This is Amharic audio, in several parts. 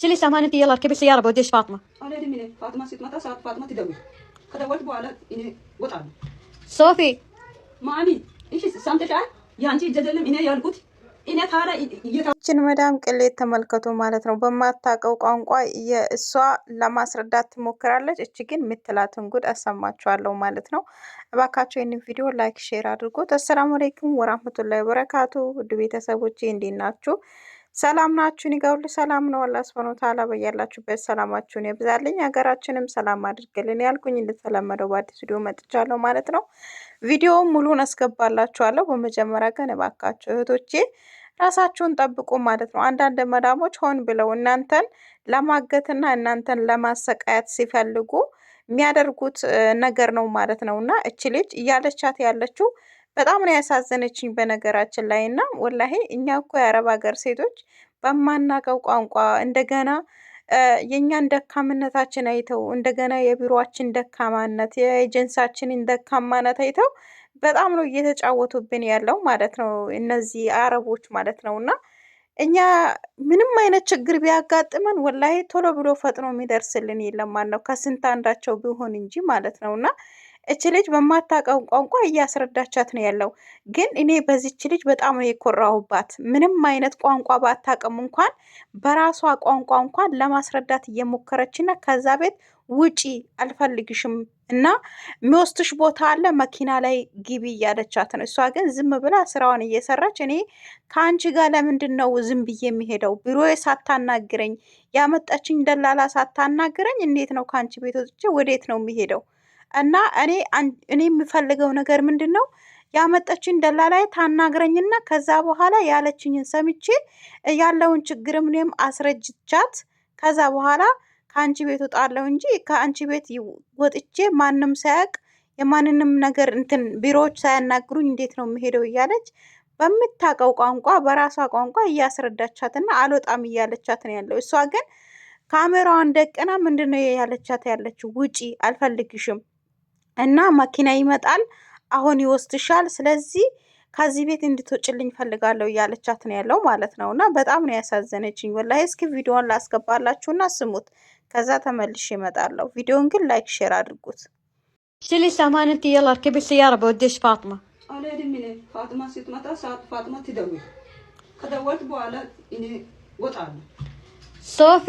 ሽሊ ሰማንት ይላል ከቤት ሲያር በወደሽ ፋጥማ አልሄድም። እኔ فاطمه ስትመጣ ሰዓት ፋጥማ ትደውል። ከደወልክ በኋላ እኔ እወጣለሁ። ሶፊ ማሚ፣ እሺ ሰምተሻል? ያንቺ እጅ አይደለም እኔ ያልኩት ችን መዳም ቅሌት ተመልከቱ ማለት ነው። በማታውቀው ቋንቋ የእሷ ለማስረዳት ትሞክራለች። እች ግን የምትላትን ጉድ አሰማችኋለሁ ማለት ነው። እባካቸው ይህንን ቪዲዮ ላይክ፣ ሼር አድርጎት። አሰላሙ አለይኩም ወራህመቱላሂ ወበረካቱ ውድ ቤተሰቦቼ እንዴት ናችሁ? ሰላም ናችሁን? ይገውል ሰላም ነው። አላህ ሱብሐነሁ ወተዓላ በያላችሁበት ሰላማችሁን ያብዛልኝ፣ ሀገራችንም ሰላም አድርግልን ያልኩኝ እንደተለመደው በአዲስ ቪዲዮ መጥቻለሁ ማለት ነው። ቪዲዮውን ሙሉን አስገባላችኋለሁ። በመጀመሪያ ግን እባካችሁ እህቶቼ ራሳችሁን ጠብቁ ማለት ነው። አንዳንድ መዳሞች ሆን ብለው እናንተን ለማገትና እናንተን ለማሰቃየት ሲፈልጉ የሚያደርጉት ነገር ነው ማለት ነው እና እች ልጅ እያለቻት ያለችው በጣም ነው ያሳዘነችኝ በነገራችን ላይ እና ወላሄ እኛ እኮ የአረብ ሀገር ሴቶች በማናቀው ቋንቋ እንደገና የእኛን ደካምነታችን አይተው እንደገና የቢሮችን ደካማነት የኤጀንሳችንን ደካማነት አይተው በጣም ነው እየተጫወቱብን ያለው ማለት ነው እነዚህ አረቦች ማለት ነው እና እኛ ምንም አይነት ችግር ቢያጋጥመን ወላሂ ቶሎ ብሎ ፈጥኖ የሚደርስልን የለም ማለት ነው። ከስንት አንዳቸው ቢሆን እንጂ ማለት ነው እና እች ልጅ በማታውቀው ቋንቋ እያስረዳቻት ነው ያለው። ግን እኔ በዚች ልጅ በጣም ነው የኮራሁባት። ምንም አይነት ቋንቋ ባታውቅም እንኳን በራሷ ቋንቋ እንኳን ለማስረዳት እየሞከረች ና ከዛ ቤት ውጪ አልፈልግሽም እና የሚወስድሽ ቦታ አለ መኪና ላይ ግቢ እያለቻት ነው። እሷ ግን ዝም ብላ ስራዋን እየሰራች እኔ ከአንቺ ጋር ለምንድን ነው ዝም ብዬ የሚሄደው? ቢሮ ሳታናግረኝ ያመጣችኝ ደላላ ሳታናግረኝ እንዴት ነው ከአንቺ ቤት ወጥቼ ወዴት ነው የሚሄደው? እና እኔ እኔ የምፈልገው ነገር ምንድን ነው ያመጠችን ደላላይ ታናግረኝና ከዛ በኋላ ያለችኝን ሰምቼ ያለውን ችግርም እኔም አስረጅቻት ከዛ በኋላ ከአንቺ ቤት ወጣለሁ እንጂ ከአንቺ ቤት ወጥቼ ማንም ሳያውቅ የማንንም ነገር እንትን ቢሮዎች ሳያናግሩኝ እንዴት ነው የምሄደው እያለች በምታውቀው ቋንቋ በራሷ ቋንቋ እያስረዳቻትና አልወጣም እያለቻት ነው ያለው። እሷ ግን ካሜራዋን ደቅና ምንድን ነው ያለቻት ያለችው ውጪ አልፈልግሽም እና መኪና ይመጣል፣ አሁን ይወስድሻል፣ ስለዚህ ከዚህ ቤት እንድትወጭልኝ ፈልጋለሁ እያለቻት ነው ያለው ማለት ነው። እና በጣም ነው ያሳዘነችኝ ወላሂ። እስኪ ቪዲዮን ላስገባላችሁና ስሙት፣ ከዛ ተመልሼ እመጣለሁ። ቪዲዮን ግን ላይክ፣ ሼር አድርጉት። ሽሊ ሰማንት እንት የላ ርክቢ ስያራ በወደሽ ፋጥማ አልሄድም ፋጥማ ስትመጣ ሰዓት ፋጥማ ትደውል ከደወልት በኋላ እኔ ወጣለሁ። ሶፊ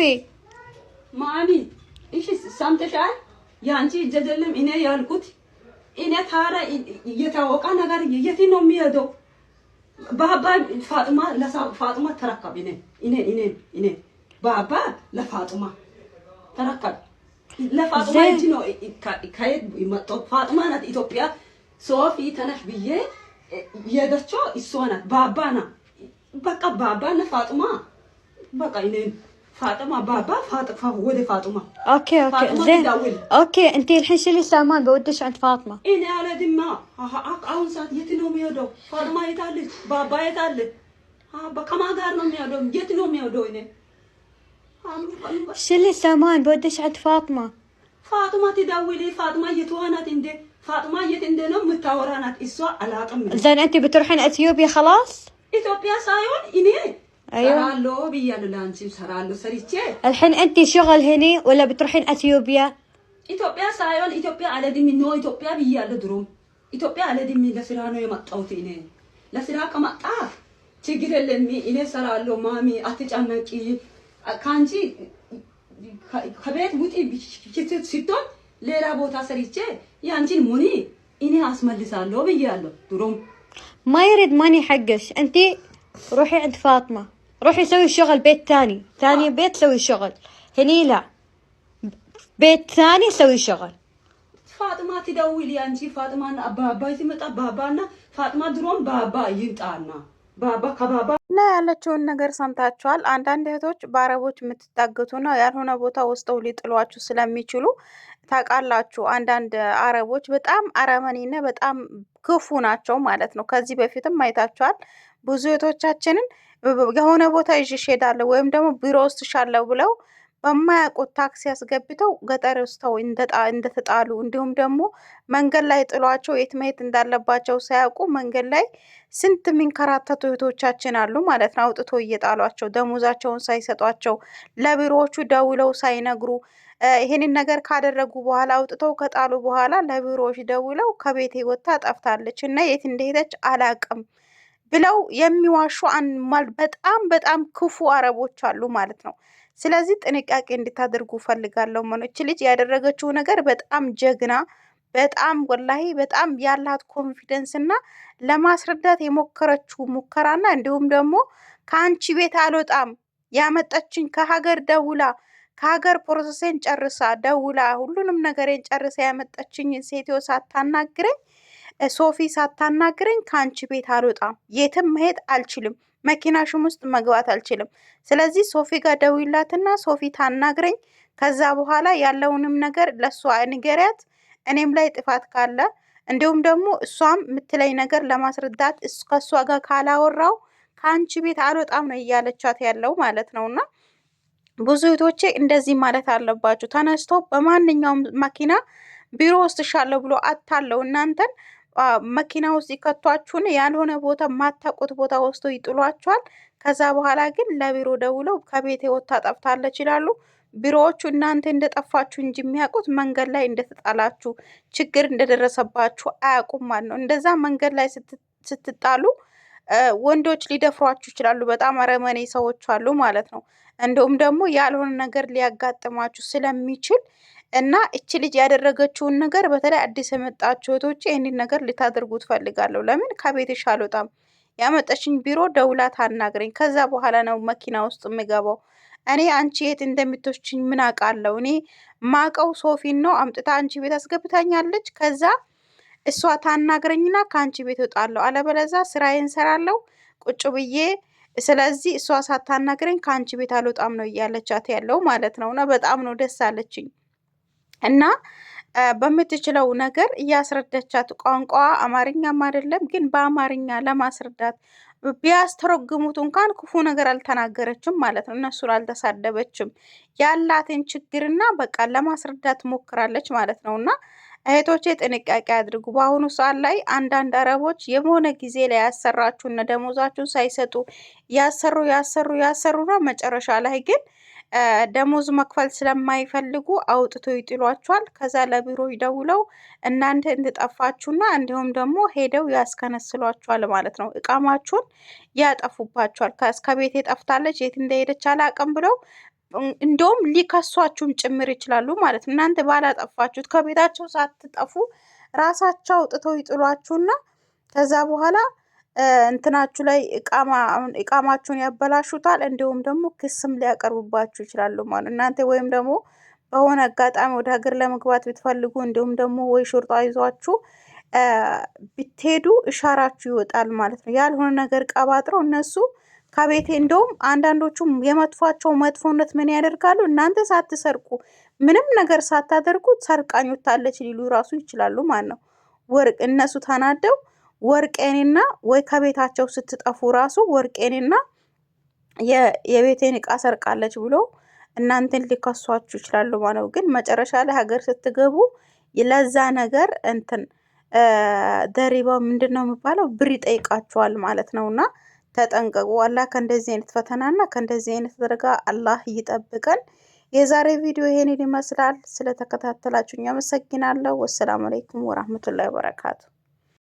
ማሚ እሺ ሰምተሻል? ያንቺ እጅ አይደለም እኔ ያልኩት። እኔ ታዲያ እየታወቀ ነገር የት ነው የሚሄደው? ባባ ፋጥማ ለሳ ፋጥማ ተረከብ። እኔ እኔ እኔ እኔ ባባ ለፋጥማ ተረከብ። ለፋጥማ እንጂ ነው ከየት መጣሁ። ፋጥማ ናት ኢትዮጵያ ሶፊ ተነሽ ብዬ የሄደችው እሷ ናት። በአባ ናት። በቃ ባባ ለፋጥማ በቃ እኔ فاطمه بابا فاطمه هو دي فاطمه اوكي اوكي فاطمة زين اوكي انت الحين شيلي سامان بودش عند فاطمه اي انا على دماء اك اون ساعه يتنوم دو فاطمه يتالك بابا يتالك በቃ ማጋር ነው የሚያወደው የት ነው የሚያወደው እኔ شيل سامان بودش عند فاطمة فاطمة تدولي فاطمة يتوانت تندي فاطمة يت نوم متاورانات إسوا على علاقة زين أنت بتروحين أثيوبيا خلاص؟ إثيوبيا سايون إني ايوه سرالو بيالو لانتي سرالو سريتشي الحين انت شغل هني ولا بتروحين اثيوبيا؟ اثيوبيا سايون اثيوبيا على دي منو اثيوبيا بيالو دروم اثيوبيا على دي من لسرا نو يمطوت اني لسرا كما لمي اني سرالو مامي ሰራለሁ كانجي خبيت بوتي ከቤት ውጪ ስትሆን بوتا ቦታ ሰርቼ ያንቺን ሙኒ እኔ አስመልሳለሁ بيالو دروم ما يريد ماني حقش انت روحي عند فاطمه روحي سوي شغل بيت ثاني ثاني بيت سوي شغل هني لا بيت ثاني سوي شغل ፋጥማ ትደውል ያንቺ ፋጥማና አባባ ሲመጣ ባባና ፋጥማ ድሮም ባባ ይምጣና ባባ ከባባ እና ያለችውን ነገር ሰምታችኋል። አንዳንድ እህቶች በአረቦች የምትታገቱና ያልሆነ ቦታ ወስጠው ሊጥሏችሁ ስለሚችሉ ታውቃላችሁ። አንዳንድ አረቦች በጣም አረመኔና በጣም ክፉ ናቸው ማለት ነው። ከዚህ በፊትም አይታችኋል ብዙ እህቶቻችንን የሆነ ቦታ ይዤሽ እሄዳለሁ ወይም ደግሞ ቢሮ ወስድሻለሁ ብለው በማያውቁት ታክሲ ያስገብተው ገጠር ውስተው እንደተጣሉ እንዲሁም ደግሞ መንገድ ላይ ጥሏቸው የት መሄድ እንዳለባቸው ሳያውቁ መንገድ ላይ ስንት የሚንከራተቱ እህቶቻችን አሉ ማለት ነው። አውጥቶ እየጣሏቸው ደሞዛቸውን ሳይሰጧቸው ለቢሮዎቹ ደውለው ሳይነግሩ ይሄንን ነገር ካደረጉ በኋላ አውጥተው ከጣሉ በኋላ ለቢሮዎች ደውለው ከቤቴ ወጥታ ጠፍታለች እና የት እንደሄደች አላቅም? ብለው የሚዋሹ በጣም በጣም ክፉ አረቦች አሉ ማለት ነው። ስለዚህ ጥንቃቄ እንድታደርጉ ፈልጋለሁ። መኖች ልጅ ያደረገችው ነገር በጣም ጀግና በጣም ወላሂ በጣም ያላት ኮንፊደንስ እና ለማስረዳት የሞከረችው ሙከራና እንዲሁም ደግሞ ከአንቺ ቤት አልወጣም ያመጣችኝ ከሀገር ደውላ ከሀገር ፕሮሰሴን ጨርሳ ደውላ ሁሉንም ነገሬን ጨርሳ ያመጣችኝ ሴትዮ ሳታናግረኝ ሶፊ ሳታናግረኝ ከአንቺ ቤት አልወጣም፣ የትም መሄድ አልችልም፣ መኪናሽም ውስጥ መግባት አልችልም። ስለዚህ ሶፊ ጋር ደውይላትና ሶፊ ታናግረኝ፣ ከዛ በኋላ ያለውንም ነገር ለእሷ ንገሪያት። እኔም ላይ ጥፋት ካለ እንዲሁም ደግሞ እሷም የምትለኝ ነገር ለማስረዳት ከእሷ ጋር ካላወራው ከአንቺ ቤት አልወጣም ነው እያለቻት ያለው ማለት ነው እና ብዙ እህቶቼ እንደዚህ ማለት አለባችሁ። ተነስቶ በማንኛውም መኪና ቢሮ ውስጥ ሻለሁ ብሎ አታለው እናንተን መኪና ውስጥ ይከቷችሁን ያልሆነ ቦታ ማታውቁት ቦታ ወስዶ ይጥሏችኋል። ከዛ በኋላ ግን ለቢሮ ደውለው ከቤት ወታ ጠፍታለች ይላሉ። ቢሮዎቹ እናንተ እንደጠፋችሁ እንጂ የሚያውቁት መንገድ ላይ እንደተጣላችሁ ችግር እንደደረሰባችሁ አያውቁም ማለት ነው። እንደዛ መንገድ ላይ ስትጣሉ ወንዶች ሊደፍሯችሁ ይችላሉ። በጣም አረመኔ ሰዎች አሉ ማለት ነው። እንደውም ደግሞ ያልሆነ ነገር ሊያጋጥማችሁ ስለሚችል እና እች ልጅ ያደረገችውን ነገር በተለይ አዲስ የመጣችሁ እህቶች ይህንን ነገር ልታደርጉ ትፈልጋለሁ። ለምን ከቤትሽ አልወጣም፣ ያመጣችኝ ቢሮ ደውላ ታናግረኝ፣ ከዛ በኋላ ነው መኪና ውስጥ የምገባው። እኔ አንቺ የት እንደምትወስችኝ ምን አውቃለሁ? እኔ ማቀው ሶፊን ነው አምጥታ አንቺ ቤት አስገብታኛለች። ከዛ እሷ ታናግረኝና ከአንቺ ቤት እወጣለሁ፣ አለበለዛ ስራዬን ሰራለሁ ቁጭ ብዬ ስለዚህ እሷ ሳታናግረኝ ከአንቺ ቤት አልወጣም ነው እያለቻት ያለው ማለት ነው። እና በጣም ነው ደስ አለችኝ። እና በምትችለው ነገር እያስረዳቻት ቋንቋ አማርኛም አይደለም ግን በአማርኛ ለማስረዳት ቢያስተረግሙት እንኳን ክፉ ነገር አልተናገረችም ማለት ነው። እነሱን አልተሳደበችም። ያላትን ችግርና በቃ ለማስረዳት ሞክራለች ማለት ነው እና እህቶቼ ጥንቃቄ አድርጉ። በአሁኑ ሰዓት ላይ አንዳንድ አረቦች የሆነ ጊዜ ላይ ያሰራችሁና ደሞዛችሁን ሳይሰጡ ያሰሩ ያሰሩ ያሰሩና መጨረሻ ላይ ግን ደሞዝ መክፈል ስለማይፈልጉ አውጥቶ ይጥሏቸዋል። ከዛ ለቢሮ ይደውለው እናንተ እንድጠፋችሁና እንዲሁም ደግሞ ሄደው ያስከነስሏቸዋል ማለት ነው። እቃማችሁን ያጠፉባቸዋል። ከእስከ ቤት የጠፍታለች የት እንደሄደች አላቅም ብለው እንደውም ሊከሷችሁም ጭምር ይችላሉ ማለት ነው። እናንተ ባላጠፋችሁት ከቤታቸው ሳትጠፉ ራሳቸው አውጥተው ይጥሏችሁና ከዛ በኋላ እንትናችሁ ላይ እቃማችሁን ያበላሹታል። እንዲሁም ደግሞ ክስም ሊያቀርቡባችሁ ይችላሉ ማለት እናንተ ወይም ደግሞ በሆነ አጋጣሚ ወደ ሀገር ለመግባት ብትፈልጉ እንዲሁም ደግሞ ወይ ሾርጣ ይዟችሁ ብትሄዱ እሻራችሁ ይወጣል ማለት ነው። ያልሆነ ነገር ቀባጥረው እነሱ ከቤቴ እንደውም አንዳንዶቹ የመጥፏቸው መጥፎነት ምን ያደርጋሉ? እናንተ ሳትሰርቁ ምንም ነገር ሳታደርጉ ሰርቃኞታለች ሊሉ ራሱ ይችላሉ ማለት ነው። ወርቅ እነሱ ታናደው? ወርቄንና ወይ ከቤታቸው ስትጠፉ ራሱ ወርቄንና የቤቴን እቃ ሰርቃለች ብሎ እናንተን ሊከሷችሁ ይችላሉ ማለት ነው። ግን መጨረሻ ላይ ሀገር ስትገቡ ለዛ ነገር እንትን ደሪባው ምንድን ነው የሚባለው ብር ይጠይቃችኋል ማለት ነው። እና ተጠንቀቁ። አላህ ከእንደዚህ አይነት ፈተና ፈተናና ከእንደዚህ አይነት ደረጋ አላህ ይጠብቀን። የዛሬ ቪዲዮ ይሄንን ይመስላል። ስለተከታተላችሁ አመሰግናለሁ። ወሰላሙ አለይኩም ወራህመቱላሂ ወበረካቱ።